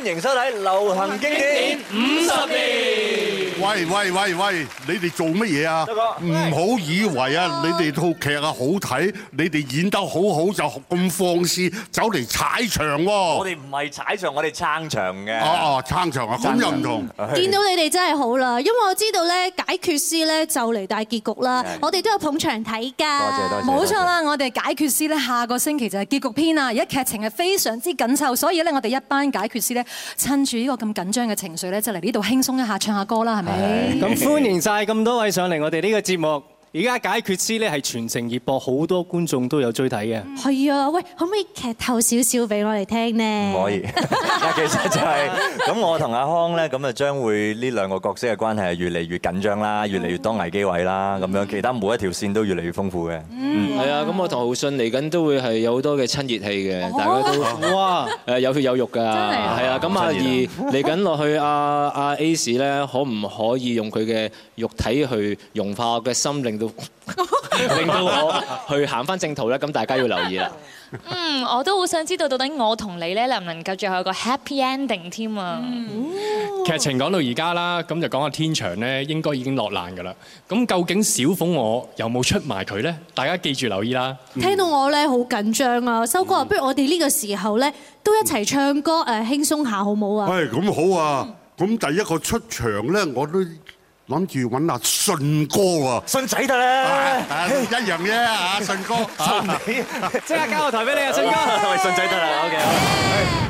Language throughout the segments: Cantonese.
歡迎收睇流行經典五十年。喂喂喂喂，你哋做乜嘢啊？唔好以為啊，你哋套劇啊好睇，你哋演得好好就咁放肆走嚟踩場喎！我哋唔係踩場，我哋撐場嘅。哦，哦，撐場啊，咁又唔同。見到你哋真係好啦，因為我知道咧，解決師咧就嚟大結局啦。我哋都有捧場睇㗎。多謝多謝。冇錯啦，我哋解決師咧下個星期就係結局篇啊！而家劇情係非常之緊湊，所以咧我哋一班解決師咧趁住呢個咁緊張嘅情緒咧，就嚟呢度輕鬆一下，唱下歌啦，係咪？咁對吧 歡迎晒咁多位上嚟，我哋呢個節目。而家解決師咧係全程熱播，好多觀眾都有追睇嘅。係啊，喂，可唔可以劇透少少俾我嚟聽呢？唔可以。其實就係、是、咁，我同阿康咧咁啊，將會呢兩個角色嘅關係係越嚟越緊張啦，越嚟越多危機位啦，咁樣其他每一條線都越嚟越豐富嘅、嗯嗯。嗯，係啊，咁我同浩信嚟緊都會係有好多嘅親熱戲嘅，哦、大家都哇誒有血有肉㗎，係啊，咁啊二嚟緊落去阿阿 Ace 咧，A e、可唔可以用佢嘅肉體去融化我嘅心靈？令到我去行翻正途啦，咁大家要留意啦。嗯，我都好想知道到底我同你咧能唔能夠最後有個 happy ending 添啊？劇情講到而家啦，咁就講下天翔咧，應該已經落難嘅啦。咁究竟小鳳我有冇出埋佢咧？大家記住留意啦。聽到我咧好緊張啊！修哥啊，不如我哋呢個時候咧都一齊唱歌誒，輕鬆下好唔好啊？喂，咁好啊！咁第一個出場咧，我都。諗住揾阿信哥啊，信仔得啦，一樣啫嚇，信哥，信仔你，即刻交個台俾你啊，信哥，好吧信仔得啦？OK。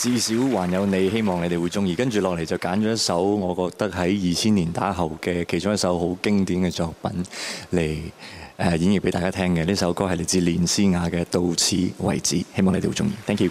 至少還有你，希望你哋會中意。跟住落嚟就揀咗一首我覺得喺二千年打後嘅其中一首好經典嘅作品嚟誒演繹俾大家聽嘅。呢首歌係嚟自連詩雅嘅《到此為止》，希望你哋會中意。Thank you。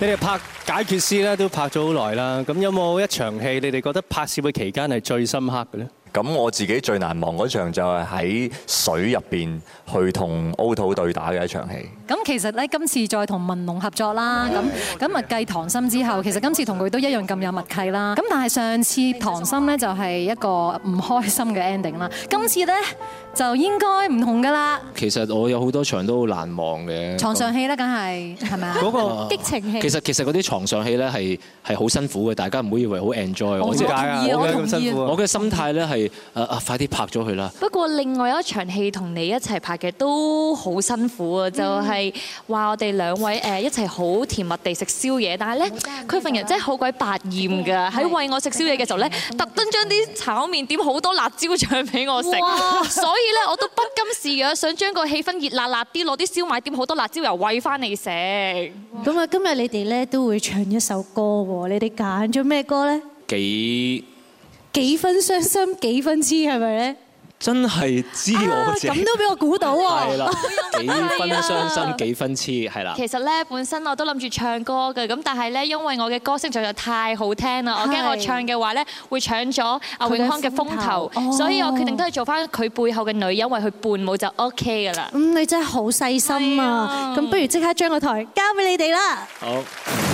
你哋拍《解決師》咧，都拍咗好耐啦。咁有冇一場戲，你哋覺得拍攝嘅期間係最深刻嘅呢？咁我自己最難忘嗰場就係喺水入邊去同 O 桃對打嘅一場戲。咁其實咧，今次再同文龍合作啦，咁咁啊繼唐心之後其實今次同佢都一樣咁有默契啦。咁但係上次唐心咧就係一個唔開心嘅 ending 啦，今次咧就應該唔同噶啦。其實我有好多場都難忘嘅，床上戲咧梗係係咪啊？嗰、嗰個、激情戲其實其實嗰啲床上戲咧係係好辛苦嘅，大家唔好以為好 enjoy 也對。我點解啊？我嘅心態咧係。啊啊！快啲拍咗佢啦！不過另外有一場戲同你一齊拍嘅都好辛苦啊，就係話我哋兩位誒一齊好甜蜜地食宵夜，但係咧佢份人真係好鬼百厭㗎，喺餵我食宵夜嘅時候咧，特登將啲炒麵點好多辣椒醬俾我食，所以咧我都不甘示弱，想將個氣氛熱辣辣啲，攞啲燒賣點好多辣椒油餵翻你食。咁啊，今日你哋咧都會唱一首歌喎，你哋揀咗咩歌咧？幾？幾分傷心，幾分痴係咪咧？是真係知我，咁都俾我估到啊！係啦，幾分傷心，對了 幾分痴係啦。其實咧，本身我都諗住唱歌嘅，咁但係咧，因為我嘅歌聲實在太好聽啦，我驚我唱嘅話咧會搶咗阿頴康嘅風頭，所以我決定都係做翻佢背後嘅女人，為佢伴舞就 OK 嘅啦。嗯，你真係好細心啊！咁不如即刻將個台交俾你哋啦。好。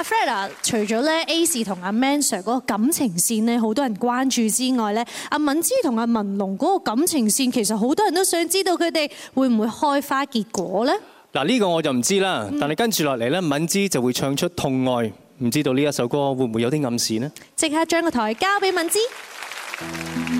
阿 Fred 啊，除咗咧 A 市同阿 Man Sir 嗰個感情線呢，好多人關注之外咧，阿敏芝同阿文龍嗰個感情線，其實好多人都想知道佢哋會唔會開花結果咧。嗱，呢個我就唔知啦，但係跟住落嚟咧，嗯、敏芝就會唱出痛愛，唔知道呢一首歌會唔會有啲暗示呢？即刻將個台交俾敏芝。嗯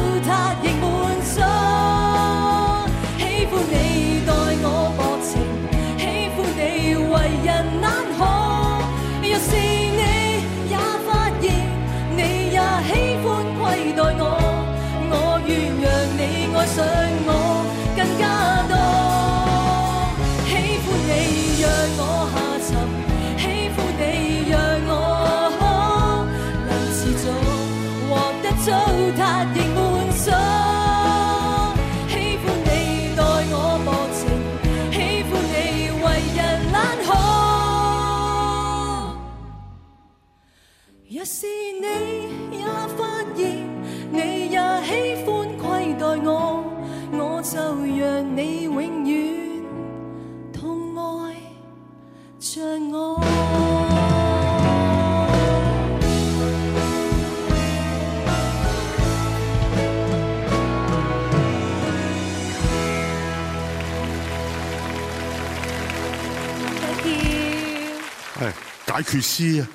解決師啊！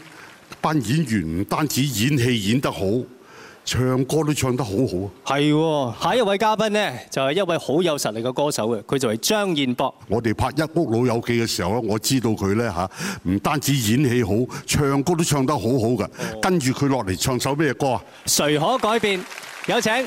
班演員唔單止演戲演得好，唱歌都唱得好好。係，下一位嘉賓呢，就係一位好有實力嘅歌手嘅，佢就係張彥博。我哋拍《一屋老友記》嘅時候咧，我知道佢咧嚇，唔單止演戲好，唱歌都唱得好好嘅。哦、跟住佢落嚟唱首咩歌啊？誰可改變？有請。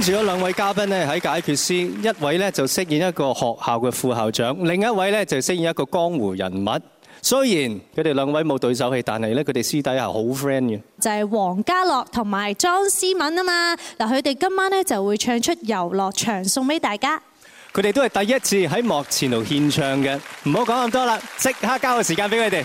跟住咗兩位嘉賓咧，喺解決師，一位咧就飾演一個學校嘅副校長，另一位咧就飾演一個江湖人物。雖然佢哋兩位冇對手戲，但係咧佢哋私底下係好 friend 嘅。就係黃嘉樂同埋莊思敏啊嘛，嗱，佢哋今晚咧就會唱出遊樂場送俾大家。佢哋都係第一次喺幕前度獻唱嘅，唔好講咁多啦，即刻交個時間俾佢哋。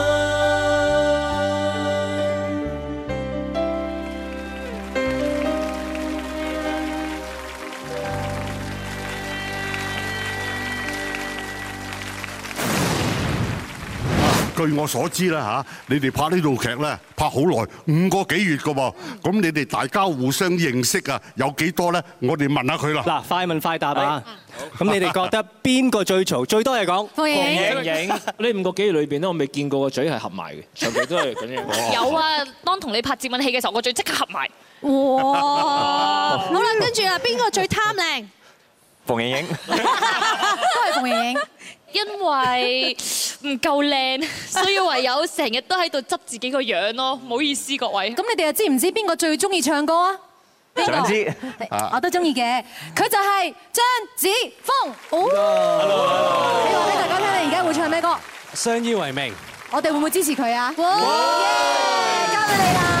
據我所知啦嚇，你哋拍呢套劇咧，拍好耐，五個幾月噶噃。咁你哋大家互相認識啊，有幾多咧？我哋問下佢啦。嗱，快問快答啊！咁你哋覺得邊個最嘈？最多嘢講。馮盈盈。呢五個幾月裏邊咧，我未見過個嘴係合埋嘅，全部都係咁樣。有啊，當同你拍接吻戲嘅時候，個嘴即刻合埋。哇！好啦，跟住啊，邊個最貪靚？馮盈盈。都係馮盈盈。因為唔夠靚，所以唯有成日都喺度執自己個樣咯。唔好意思，各位。咁你哋又知唔知邊個最中意唱歌啊？唔知，我都中意嘅。佢就係張子豐，你好。哦，呢位咧，大家聽你而家會唱咩歌？相依為命。我哋會唔會支持佢啊？交畀你啦。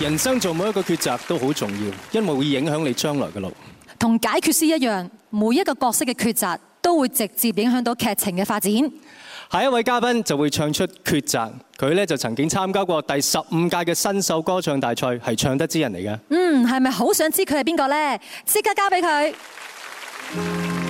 人生做每一個抉擇都好重要，因為會影響你將來嘅路。同解決師一樣，每一個角色嘅抉擇都會直接影響到劇情嘅發展。下一位嘉賓就會唱出抉擇，佢咧就曾經參加過第十五屆嘅新秀歌唱大賽，係唱得之人嚟嘅。是不是很是嗯，係咪好想知佢係邊個呢？即刻交俾佢。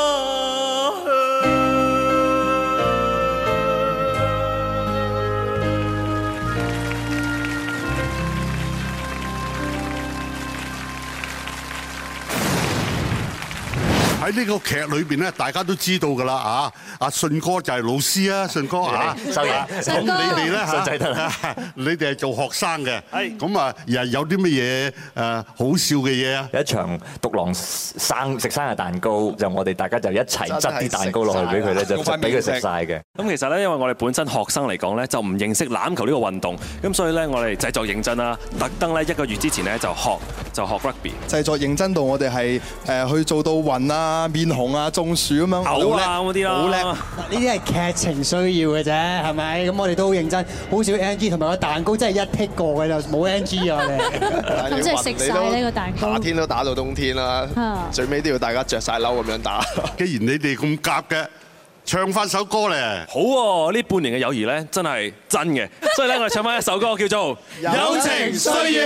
喺呢個劇裏邊咧，大家都知道㗎啦啊！阿信哥就係老師啊，信哥啊，秀英，咁你哋咧嚇，你哋係做學生嘅，咁啊又有啲乜嘢誒好笑嘅嘢啊？有一場獨狼生食生日蛋糕，就我哋大家就一齊執啲蛋糕落去俾佢咧，就執俾佢食曬嘅。咁其實咧，因為我哋本身學生嚟講咧，就唔認識欖球呢個運動，咁所以咧，我哋製作認真啦，特登咧一個月之前咧就學就學 rugby，製作認真到我哋係誒去做到運啊！啊，面紅啊，中暑咁樣，好叻嗰啲啊。呢啲係劇情需要嘅啫，係咪？咁我哋都好認真，好少 NG，同埋個蛋糕真係一剔過嘅就冇 NG 啊。咁即係食曬呢個蛋糕。夏天都打到冬天啦，最尾都要大家着曬褸咁樣打。既然你哋咁夾嘅，唱翻首歌咧。好，呢半年嘅友誼咧，真係真嘅。所以咧，我哋唱翻一首歌，叫做《友情歲月》。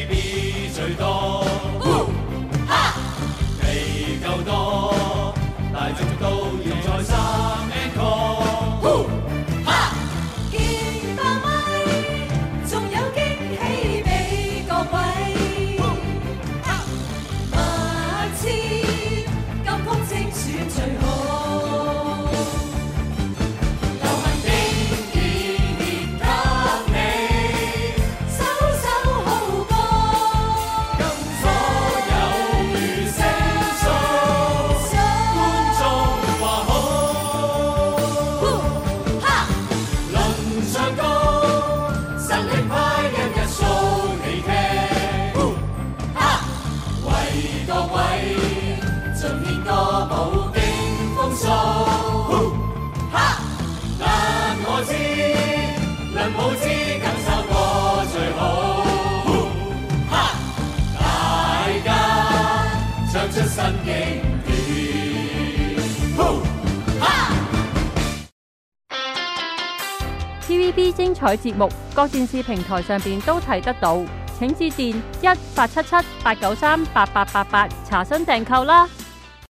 精彩節目，各電視平台上邊都睇得到，請致電一八七七八九三八八八八查詢訂購啦。